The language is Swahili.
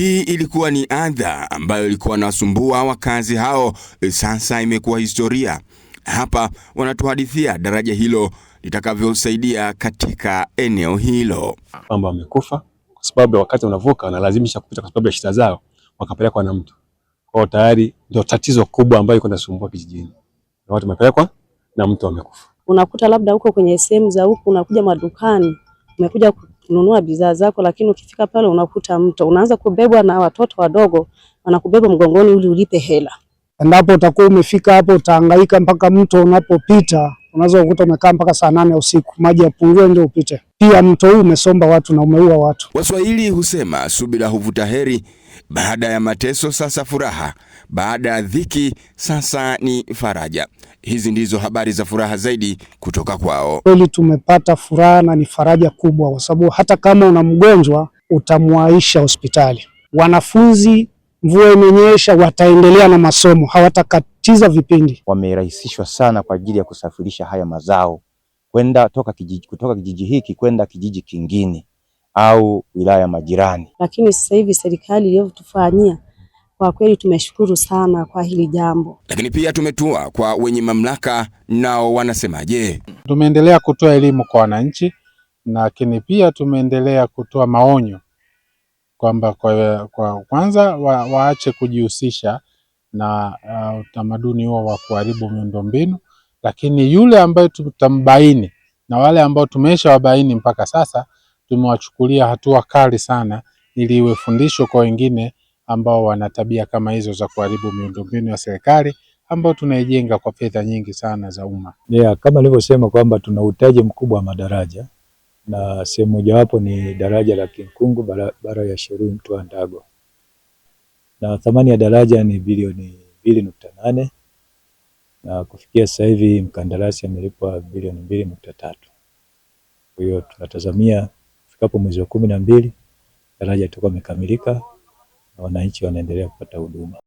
Hii ilikuwa ni adha ambayo ilikuwa nasumbua wakazi hao, e, sasa imekuwa historia. Hapa wanatuhadithia daraja hilo litakavyosaidia katika eneo hilo, kwamba wamekufa kwa sababu wakati wanavuka wanalazimisha kupita kwa sababu ya shida zao, wakapelekwa na mtu kwao. Tayari ndio tatizo kubwa ambayo iko nasumbua kijijini, na watu wamepelekwa na mtu wamekufa. Unakuta labda huko kwenye sehemu za huko unakuja madukani umekuja kununua bidhaa zako, lakini ukifika pale unakuta mto, unaanza kubebwa na watoto wadogo, wanakubeba mgongoni ili ulipe hela. Endapo utakuwa umefika hapo, utahangaika mpaka mto unapopita, unaweza kukuta umekaa mpaka saa nane usiku, maji yapungue ndio upite. Pia mto huu umesomba watu na umeua watu. Waswahili husema subira huvuta heri. Baada ya mateso sasa furaha, baada ya dhiki sasa ni faraja. Hizi ndizo habari za furaha zaidi kutoka kwao. Kweli tumepata furaha na ni faraja kubwa, kwa sababu hata kama una mgonjwa utamwaisha hospitali. Wanafunzi mvua imenyesha, wataendelea na masomo, hawatakatiza vipindi. Wamerahisishwa sana kwa ajili ya kusafirisha haya mazao kwenda toka kijiji, kutoka kijiji hiki kwenda kijiji kingine au wilaya majirani. Lakini sasa hivi serikali iliyotufanyia kwa kweli tumeshukuru sana kwa hili jambo, lakini pia tumetua kwa wenye mamlaka, nao wanasemaje? Tumeendelea kutoa elimu kwa wananchi, lakini pia tumeendelea kutoa maonyo kwamba kwa, kwa kwanza wa, waache kujihusisha na uh, utamaduni huo wa kuharibu miundombinu, lakini yule ambaye tutambaini na wale ambao tumeshawabaini mpaka sasa tumewachukulia hatua kali sana, ili iwe fundisho kwa wengine ambao wana tabia kama hizo za kuharibu miundombinu ya serikali ambao tunaijenga kwa fedha nyingi sana za umma. Yeah, kama nilivyosema kwamba tuna uhitaji mkubwa wa madaraja na sehemu mojawapo ni daraja la Kinkungu barabara ya Sheruhi Mtwara Ndago, na thamani ya daraja ni bilioni mbili nukta nane na kufikia sasa hivi mkandarasi amelipwa bilioni mbili nukta tatu. Kwa hiyo tunatazamia ifikapo mwezi wa kumi na mbili daraja litakuwa limekamilika wananchi wanaendelea kupata huduma.